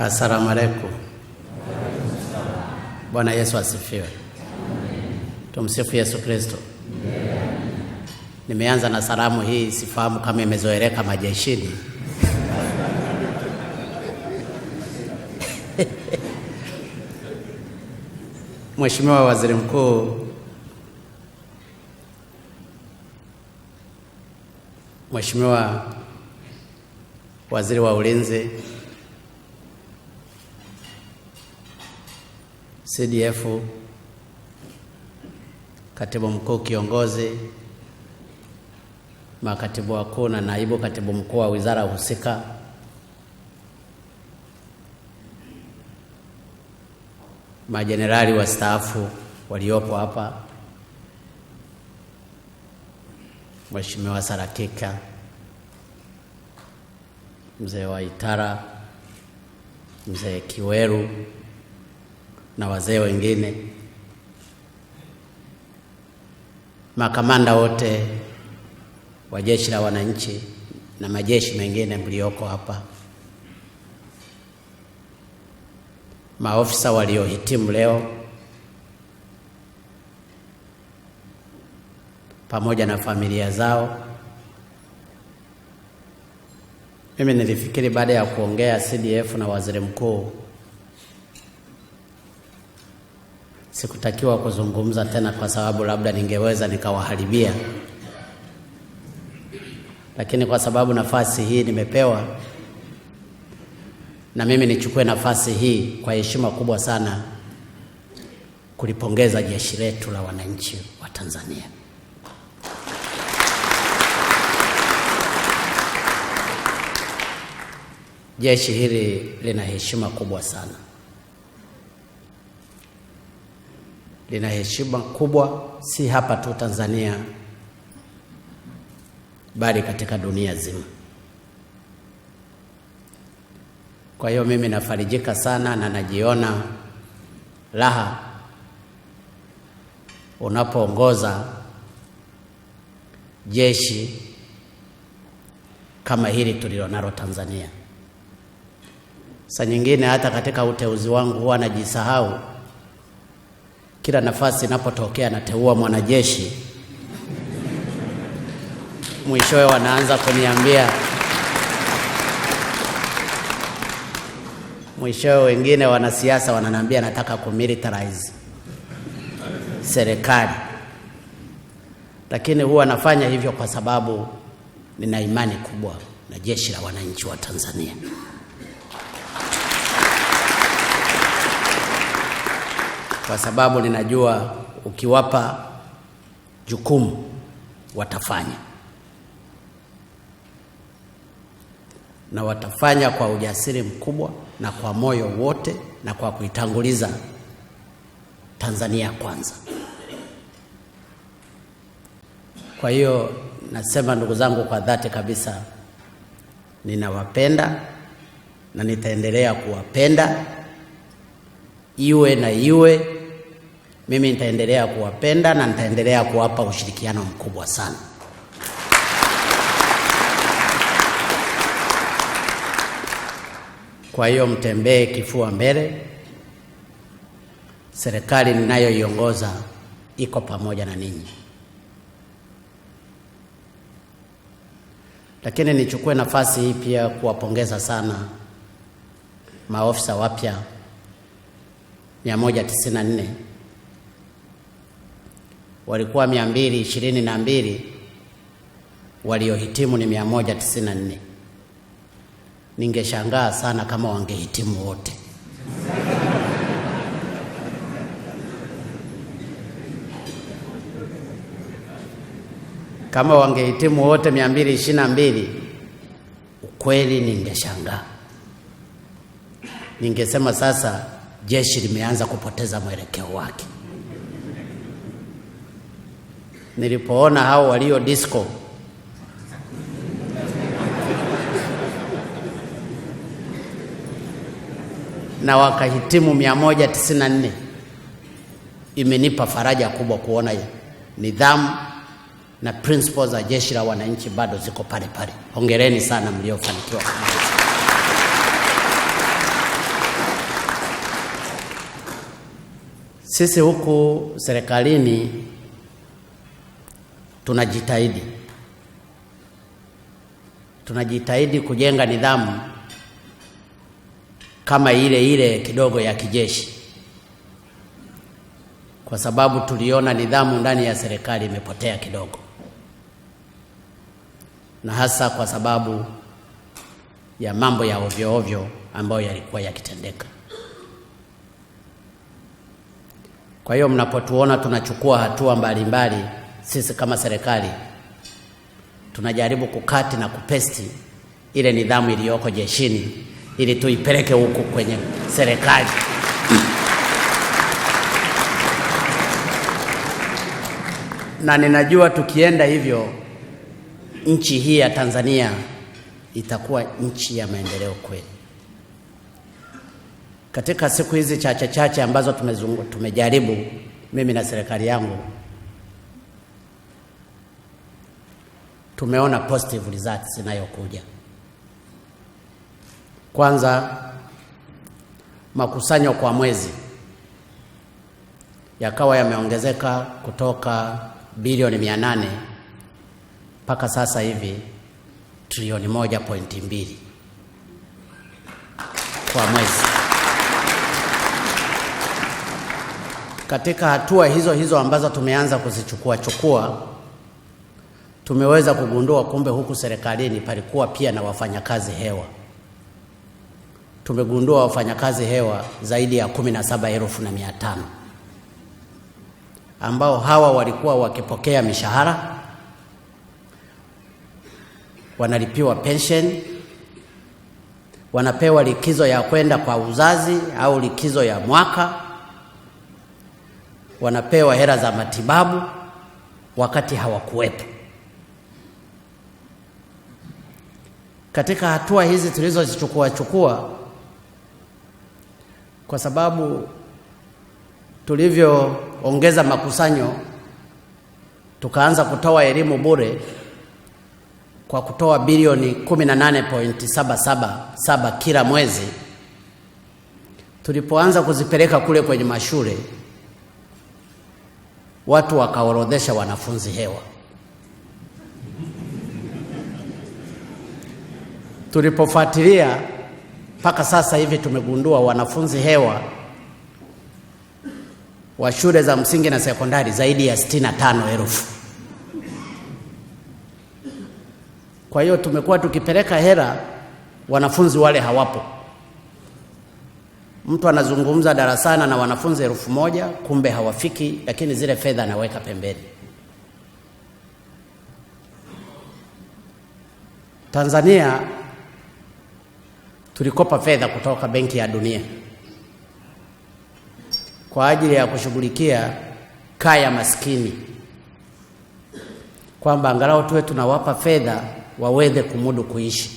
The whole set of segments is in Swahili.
Asalamu alaikum. Bwana Yesu asifiwe. Tumsifu Yesu Kristo. Nimeanza na salamu hii, sifahamu kama imezoeleka majeshini Mheshimiwa Waziri Mkuu, Mheshimiwa Waziri wa Ulinzi CDF, katibu mkuu kiongozi, makatibu wakuu na naibu katibu mkuu wa wizara husika, majenerali wastaafu waliopo hapa, Mheshimiwa Sarakika, mzee wa Itara, mzee Kiweru na wazee wengine, makamanda wote wa jeshi la wananchi na majeshi mengine mlioko hapa, maofisa waliohitimu leo, pamoja na familia zao. Mimi nilifikiri baada ya kuongea CDF na waziri mkuu sikutakiwa kuzungumza tena, kwa sababu labda ningeweza nikawaharibia, lakini kwa sababu nafasi hii nimepewa, na mimi nichukue nafasi hii kwa heshima kubwa sana kulipongeza jeshi letu la wananchi wa Tanzania. Jeshi hili lina heshima kubwa sana. lina heshima kubwa, si hapa tu Tanzania, bali katika dunia zima. Kwa hiyo mimi nafarijika sana na najiona raha unapoongoza jeshi kama hili tulilonalo Tanzania. Saa nyingine hata katika uteuzi wangu huwa najisahau kila nafasi inapotokea anateua mwanajeshi, mwishowe wanaanza kuniambia mwishowe wengine wanasiasa wananiambia nataka kumilitarize serikali, lakini huwa nafanya hivyo kwa sababu nina imani kubwa na jeshi la wananchi wa Tanzania. kwa sababu ninajua ukiwapa jukumu watafanya na watafanya kwa ujasiri mkubwa na kwa moyo wote na kwa kuitanguliza Tanzania kwanza. Kwa hiyo nasema ndugu zangu, kwa dhati kabisa ninawapenda na nitaendelea kuwapenda iwe na iwe mimi nitaendelea kuwapenda na nitaendelea kuwapa ushirikiano mkubwa sana. Kwa hiyo mtembee kifua mbele. Serikali ninayoiongoza iko pamoja na ninyi. Lakini nichukue nafasi hii pia kuwapongeza sana maofisa wapya 194 walikuwa 222 waliohitimu ni nne Ningeshangaa sana kama wangehitimu wote. Kama wangehitimu wote 222, ukweli ningeshangaa. Ningesema sasa jeshi limeanza kupoteza mwelekeo wake. nilipoona hao walio disco na wakahitimu 194 imenipa faraja kubwa kuona nidhamu na principles za jeshi la wananchi bado ziko pale pale. Hongereni sana mliofanikiwa. Sisi huku serikalini tunajitahidi tunajitahidi kujenga nidhamu kama ile ile kidogo ya kijeshi, kwa sababu tuliona nidhamu ndani ya serikali imepotea kidogo, na hasa kwa sababu ya mambo ya ovyo ovyo ambayo yalikuwa yakitendeka. Kwa hiyo mnapotuona tunachukua hatua mbalimbali mbali, sisi kama serikali tunajaribu kukati na kupesti ile nidhamu iliyoko jeshini ili tuipeleke huku kwenye serikali. na ninajua tukienda hivyo nchi hii ya Tanzania itakuwa nchi ya maendeleo kweli. Katika siku hizi chache chache ambazo tumezungu, tumejaribu mimi na serikali yangu tumeona positive results zinayokuja. Kwanza, makusanyo kwa mwezi yakawa yameongezeka kutoka bilioni mia nane mpaka sasa hivi trilioni moja pointi mbili kwa mwezi. Katika hatua hizo hizo ambazo tumeanza kuzichukua chukua tumeweza kugundua kumbe huku serikalini palikuwa pia na wafanyakazi hewa. Tumegundua wafanyakazi hewa zaidi ya kumi na tano ambao hawa walikuwa wakipokea mishahara, wanalipiwa pension, wanapewa likizo ya kwenda kwa uzazi au likizo ya mwaka, wanapewa hela za matibabu wakati hawakuwepo. katika hatua hizi tulizozichukua chukua, kwa sababu tulivyoongeza makusanyo, tukaanza kutoa elimu bure kwa kutoa bilioni 18.777 kila mwezi. Tulipoanza kuzipeleka kule kwenye mashule, watu wakaorodhesha wanafunzi hewa Tulipofuatilia mpaka sasa hivi tumegundua wanafunzi hewa wa shule za msingi na sekondari zaidi ya 65,000. elfu. Kwa hiyo tumekuwa tukipeleka hela, wanafunzi wale hawapo. Mtu anazungumza darasani na wanafunzi elfu moja kumbe hawafiki, lakini zile fedha anaweka pembeni. Tanzania tulikopa fedha kutoka Benki ya Dunia kwa ajili ya kushughulikia kaya maskini, kwamba angalau tuwe tunawapa fedha waweze kumudu kuishi.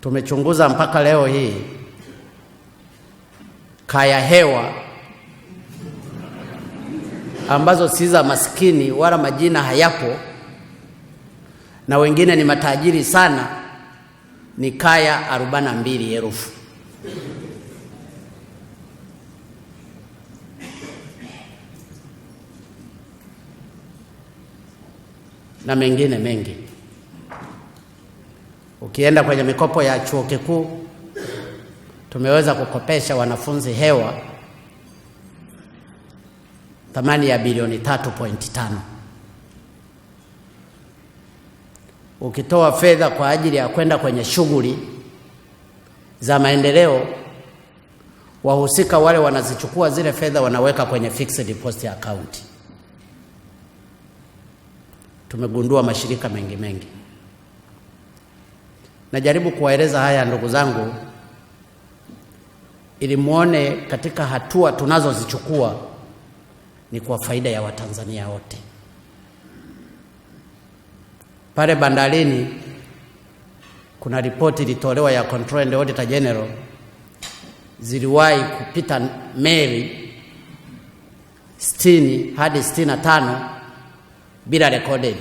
Tumechunguza mpaka leo hii kaya hewa ambazo si za maskini wala majina hayapo, na wengine ni matajiri sana ni kaya 42 na na mengine mengi. Ukienda kwenye mikopo ya chuo kikuu, tumeweza kukopesha wanafunzi hewa thamani ya bilioni 3.5. ukitoa fedha kwa ajili ya kwenda kwenye shughuli za maendeleo, wahusika wale wanazichukua zile fedha wanaweka kwenye fixed deposit account. Tumegundua mashirika mengi mengi. Najaribu kuwaeleza haya ndugu zangu, ili muone katika hatua tunazozichukua ni kwa faida ya Watanzania wote pale bandarini kuna ripoti ilitolewa ya Control and Auditor General, ziliwahi kupita meli sitini hadi sitini na tano bila recorded,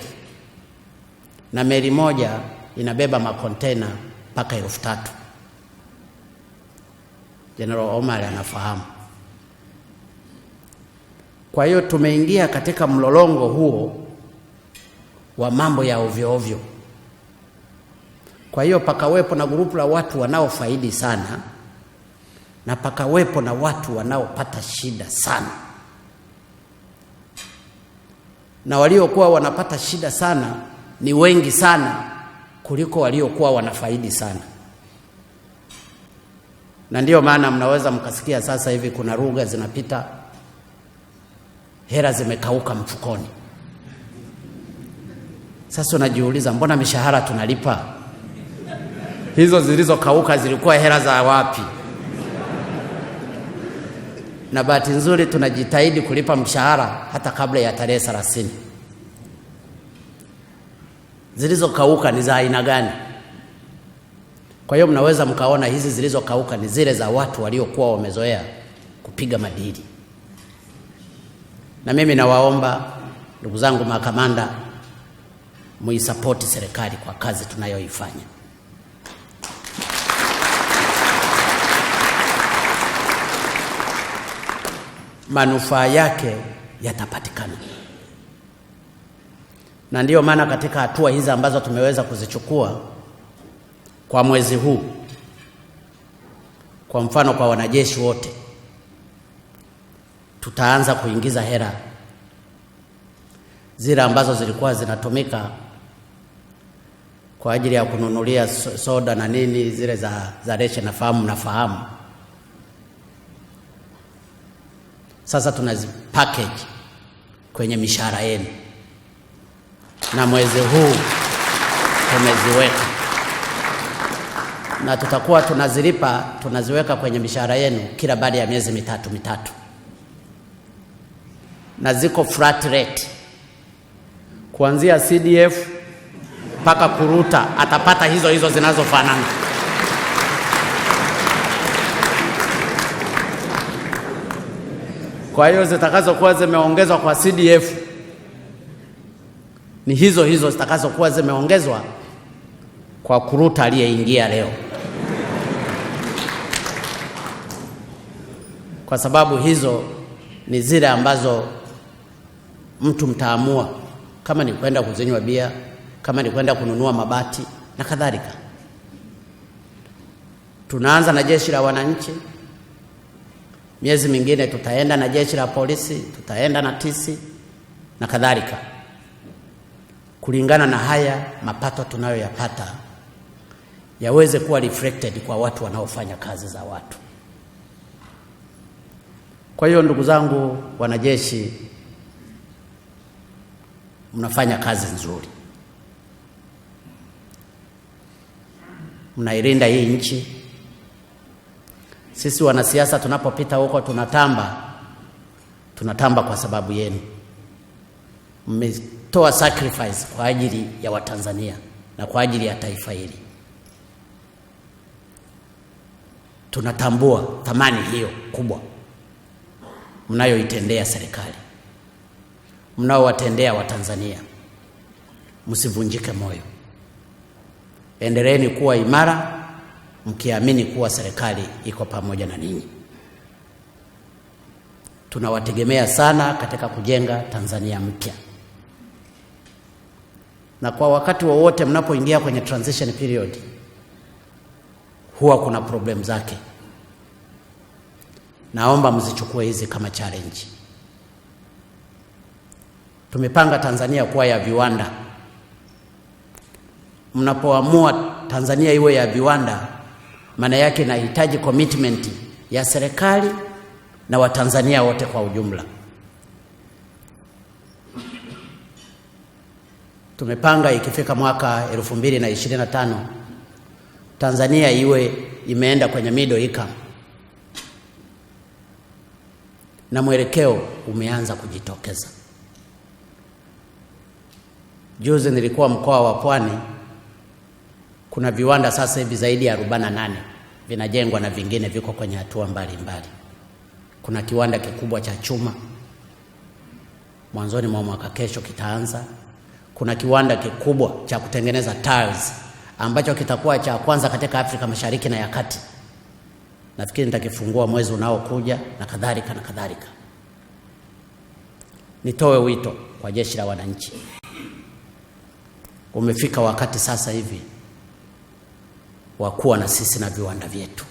na meli moja inabeba makontena mpaka elfu tatu. General Omar anafahamu. Kwa hiyo tumeingia katika mlolongo huo wa mambo ya ovyo ovyo. Kwa hiyo pakawepo na grupu la watu wanaofaidi sana na pakawepo na watu wanaopata shida sana, na waliokuwa wanapata shida sana ni wengi sana kuliko waliokuwa wanafaidi sana. Na ndiyo maana mnaweza mkasikia sasa hivi kuna lugha zinapita, hela zimekauka mfukoni. Sasa unajiuliza mbona mishahara tunalipa? Hizo zilizokauka zilikuwa hela za wapi? Na bahati nzuri tunajitahidi kulipa mshahara hata kabla ya tarehe thelathini. Zilizokauka ni za aina gani? Kwa hiyo mnaweza mkaona hizi zilizokauka ni zile za watu waliokuwa wamezoea kupiga madili. Na mimi nawaomba ndugu zangu makamanda muisapoti serikali kwa kazi tunayoifanya. Manufaa yake yatapatikana, na ndiyo maana katika hatua hizi ambazo tumeweza kuzichukua kwa mwezi huu, kwa mfano, kwa wanajeshi wote tutaanza kuingiza hera zile ambazo zilikuwa zinatumika kwa ajili ya kununulia soda na nini zile za, za reshe. Nafahamu, nafahamu. Sasa tunazi package kwenye mishahara yenu, na mwezi huu tumeziweka na tutakuwa tunazilipa tunaziweka kwenye mishahara yenu kila baada ya miezi mitatu mitatu, na ziko flat rate kuanzia CDF mpaka kuruta, atapata hizo hizo zinazofanana. Kwa hiyo zitakazokuwa zimeongezwa kwa CDF ni hizo hizo zitakazokuwa zimeongezwa kwa kuruta aliyeingia leo, kwa sababu hizo ni zile ambazo mtu mtaamua kama ni kwenda kuzinywa bia kama ni kwenda kununua mabati na kadhalika. Tunaanza na jeshi la wananchi, miezi mingine tutaenda na jeshi la polisi, tutaenda na tisi na kadhalika, kulingana na haya mapato tunayoyapata yaweze kuwa reflected kwa watu wanaofanya kazi za watu. Kwa hiyo ndugu zangu wanajeshi, mnafanya kazi nzuri. mnailinda hii nchi. Sisi wanasiasa tunapopita huko tunatamba, tunatamba kwa sababu yenu. Mmetoa sacrifice kwa ajili ya Watanzania na kwa ajili ya taifa hili. Tunatambua thamani hiyo kubwa mnayoitendea serikali, mnaowatendea Watanzania. Msivunjike moyo. Endeleeni kuwa imara mkiamini kuwa serikali iko pamoja na ninyi. Tunawategemea sana katika kujenga Tanzania mpya, na kwa wakati wowote wa mnapoingia kwenye transition period huwa kuna problem zake. Naomba mzichukue hizi kama challenge. Tumepanga Tanzania kuwa ya viwanda mnapoamua Tanzania iwe ya viwanda, maana yake inahitaji commitment ya serikali na Watanzania wote kwa ujumla. Tumepanga ikifika mwaka 2025 Tanzania iwe imeenda kwenye middle income na mwelekeo umeanza kujitokeza. Juzi nilikuwa mkoa wa Pwani. Kuna viwanda sasa hivi zaidi ya 48 vinajengwa na vingine viko kwenye hatua mbalimbali Kuna kiwanda kikubwa cha chuma mwanzoni mwa mwaka kesho kitaanza. Kuna kiwanda kikubwa cha kutengeneza tiles ambacho kitakuwa cha kwanza katika Afrika Mashariki na ya Kati, nafikiri nitakifungua mwezi unaokuja na kadhalika na kadhalika. Nitoe wito kwa jeshi la wananchi, umefika wakati sasa hivi wa kuwa na sisi na viwanda vyetu.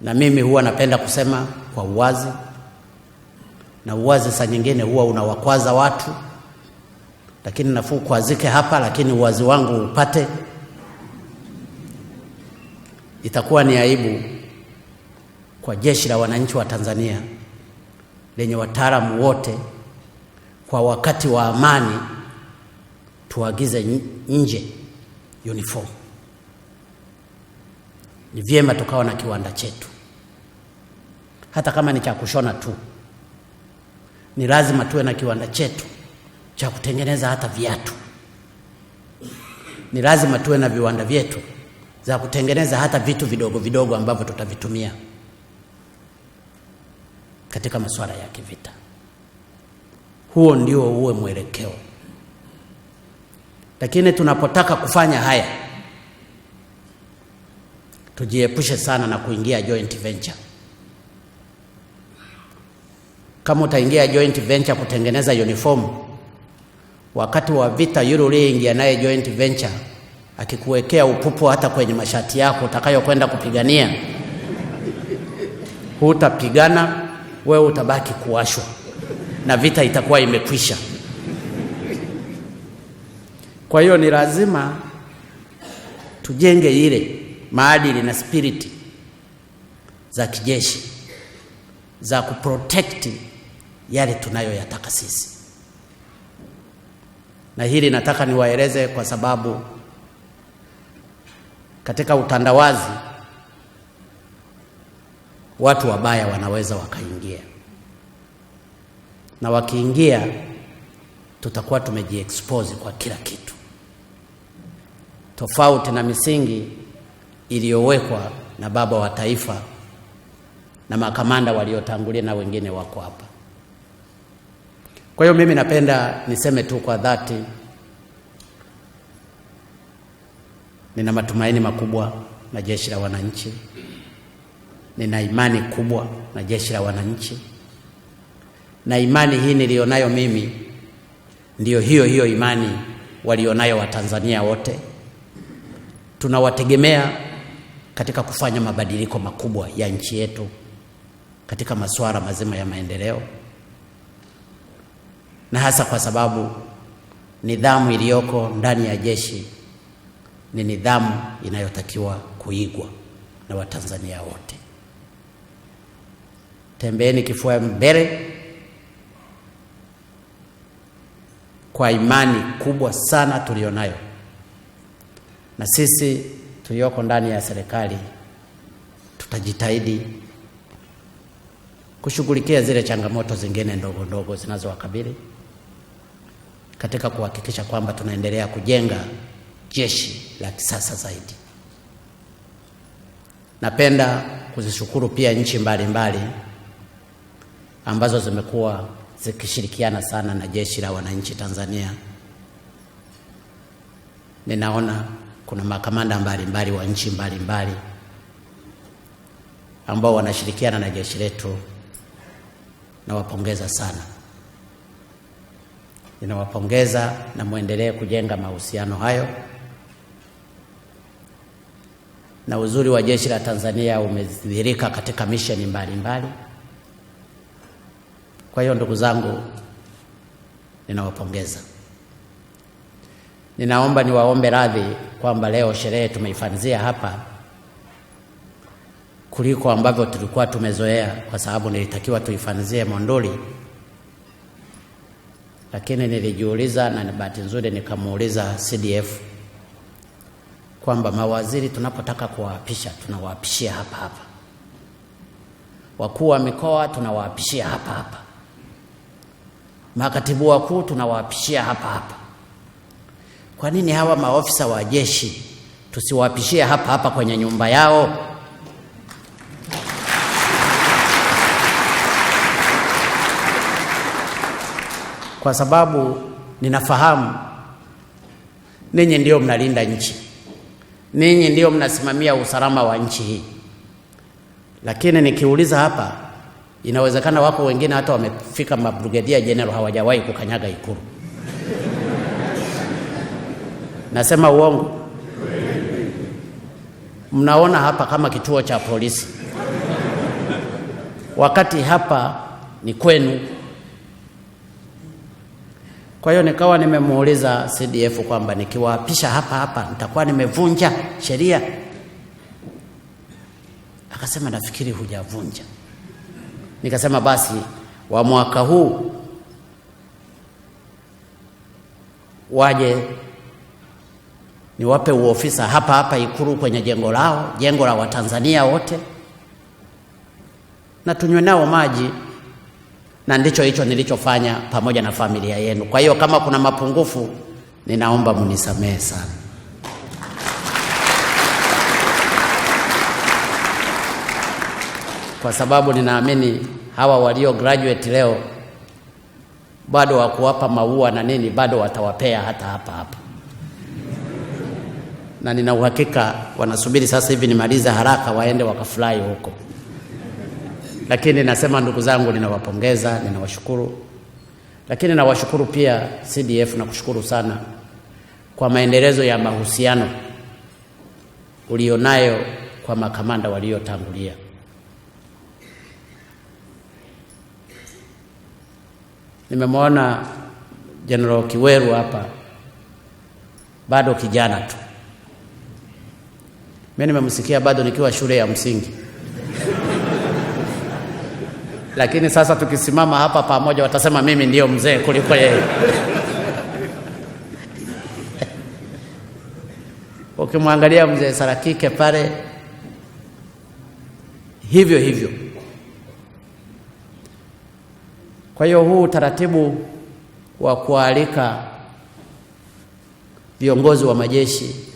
Na mimi huwa napenda kusema kwa uwazi, na uwazi saa nyingine huwa unawakwaza watu, lakini nafuu kuazike hapa, lakini uwazi wangu upate. Itakuwa ni aibu kwa jeshi la wananchi wa Tanzania lenye wataalamu wote kwa wakati wa amani tuagize nje uniform. Ni vyema tukawa na kiwanda chetu, hata kama ni cha kushona tu, ni lazima tuwe na kiwanda chetu cha kutengeneza hata viatu. Ni lazima tuwe na viwanda vyetu za kutengeneza hata vitu vidogo vidogo ambavyo tutavitumia katika masuala ya kivita. Huo ndio uwe mwelekeo. Lakini tunapotaka kufanya haya, tujiepushe sana na kuingia joint venture. Kama utaingia joint venture kutengeneza uniform, wakati wa vita EuroLeague, naye joint venture akikuwekea upupu hata kwenye mashati yako utakayokwenda kupigania, hutapigana wewe, utabaki kuwashwa na vita itakuwa imekwisha. Kwa hiyo ni lazima tujenge ile maadili na spiriti za kijeshi za kuprotect yale tunayoyataka sisi, na hili nataka niwaeleze kwa sababu katika utandawazi watu wabaya wanaweza wakaingia, na wakiingia tutakuwa tumejiexpose kwa kila kitu tofauti na misingi iliyowekwa na baba wa taifa na makamanda waliotangulia na wengine wako hapa. Kwa hiyo mimi napenda niseme tu kwa dhati, nina matumaini makubwa na jeshi la wananchi, nina imani kubwa na jeshi la wananchi, na imani hii nilionayo mimi ndiyo hiyo hiyo imani walionayo Watanzania wote tunawategemea katika kufanya mabadiliko makubwa ya nchi yetu katika masuala mazima ya maendeleo, na hasa kwa sababu nidhamu iliyoko ndani ya jeshi ni nidhamu inayotakiwa kuigwa na Watanzania wote. Tembeeni kifua mbele kwa imani kubwa sana tuliyonayo na sisi tulioko ndani ya serikali tutajitahidi kushughulikia zile changamoto zingine ndogo ndogo zinazowakabili katika kuhakikisha kwamba tunaendelea kujenga jeshi la kisasa zaidi. Napenda kuzishukuru pia nchi mbalimbali mbali ambazo zimekuwa zikishirikiana sana na jeshi la wananchi Tanzania. Ninaona kuna makamanda mbalimbali wa nchi mbalimbali ambao wanashirikiana na jeshi letu. Nawapongeza sana, ninawapongeza na mwendelee kujenga mahusiano hayo, na uzuri wa jeshi la Tanzania umedhihirika katika misheni mbalimbali. Kwa hiyo ndugu zangu, ninawapongeza. Ninaomba niwaombe radhi kwamba leo sherehe tumeifanzia hapa kuliko ambavyo tulikuwa tumezoea, kwa sababu nilitakiwa tuifanzie Monduli, lakini nilijiuliza, na ni bahati nzuri nikamuuliza CDF kwamba mawaziri tunapotaka kuwaapisha tunawaapishia hapa hapa, wakuu wa mikoa tunawaapishia hapa hapa, makatibu wakuu tunawaapishia hapa hapa kwa nini hawa maofisa wa jeshi tusiwapishie hapa hapa kwenye nyumba yao? Kwa sababu ninafahamu ninyi ndio mnalinda nchi, ninyi ndio mnasimamia usalama wa nchi hii, lakini nikiuliza hapa, inawezekana wako wengine hata wamefika mabrigedia jenerali hawajawahi kukanyaga Ikulu. Nasema uongo? Mnaona hapa kama kituo cha polisi, wakati hapa ni kwenu. Kwa hiyo nikawa nimemuuliza CDF kwamba nikiwaapisha hapa hapa nitakuwa nimevunja sheria. Akasema nafikiri hujavunja. Nikasema basi wa mwaka huu waje niwape uofisa hapa hapa Ikulu kwenye jengo lao, jengo la Watanzania wote, na tunywe nao maji, na ndicho hicho nilichofanya pamoja na familia yenu. Kwa hiyo kama kuna mapungufu, ninaomba mnisamehe sana. kwa sababu ninaamini hawa walio graduate leo bado wakuwapa maua na nini, bado watawapea hata hapa hapa na nina uhakika wanasubiri sasa hivi nimalize haraka waende wakafurahi huko. Lakini nasema ndugu zangu, ninawapongeza, ninawashukuru, lakini nawashukuru pia CDF, nakushukuru sana kwa maendelezo ya mahusiano ulionayo kwa makamanda waliotangulia. Nimemwona General Kiweru hapa bado kijana tu, mimi nimemsikia bado nikiwa shule ya msingi lakini sasa tukisimama hapa pamoja watasema mimi ndiyo mzee kuliko yeye. Ukimwangalia mzee Sarakike pale, hivyo hivyo. Kwa hiyo huu utaratibu wa kualika viongozi wa majeshi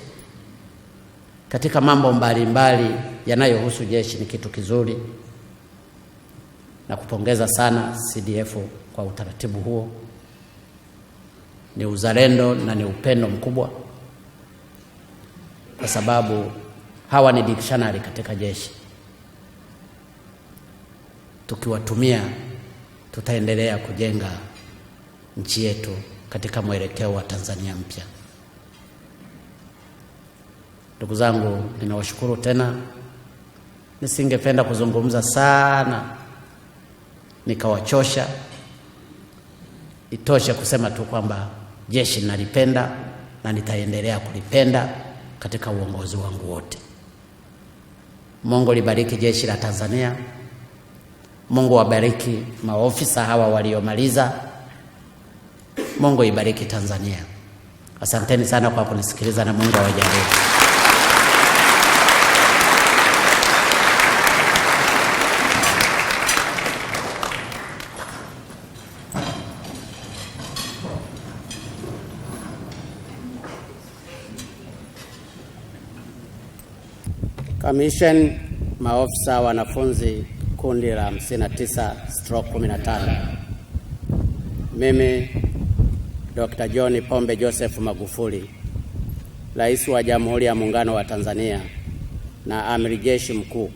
katika mambo mbalimbali yanayohusu jeshi ni kitu kizuri, na kupongeza sana CDF kwa utaratibu huo. Ni uzalendo na ni upendo mkubwa, kwa sababu hawa ni dictionary katika jeshi. Tukiwatumia tutaendelea kujenga nchi yetu katika mwelekeo wa Tanzania mpya. Ndugu zangu, ninawashukuru tena. Nisingependa kuzungumza sana nikawachosha. Itoshe kusema tu kwamba jeshi nalipenda na nitaendelea kulipenda katika uongozi wangu wote. Mungu libariki jeshi la Tanzania. Mungu wabariki maofisa hawa waliomaliza. Mungu ibariki Tanzania. Asanteni sana kwa kunisikiliza na Mungu awajalie. Commission, maofisa wanafunzi kundi la 59 stroke 15. Mimi Dr. John Pombe Joseph Magufuli, Rais wa Jamhuri ya Muungano wa Tanzania na Amiri Jeshi Mkuu,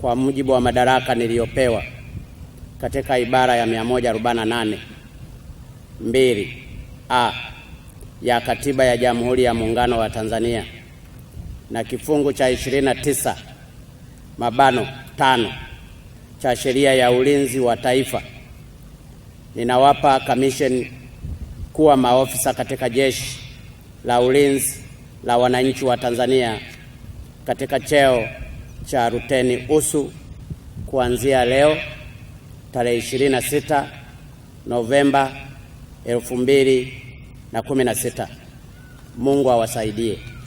kwa mujibu wa madaraka niliyopewa katika ibara ya 148 2 a ya Katiba ya Jamhuri ya Muungano wa Tanzania na kifungu cha 29 mabano tano cha sheria ya ulinzi wa taifa, ninawapa commission kuwa maofisa katika jeshi la ulinzi la wananchi wa Tanzania katika cheo cha ruteni usu kuanzia leo tarehe 26 Novemba 2016. Mungu awasaidie.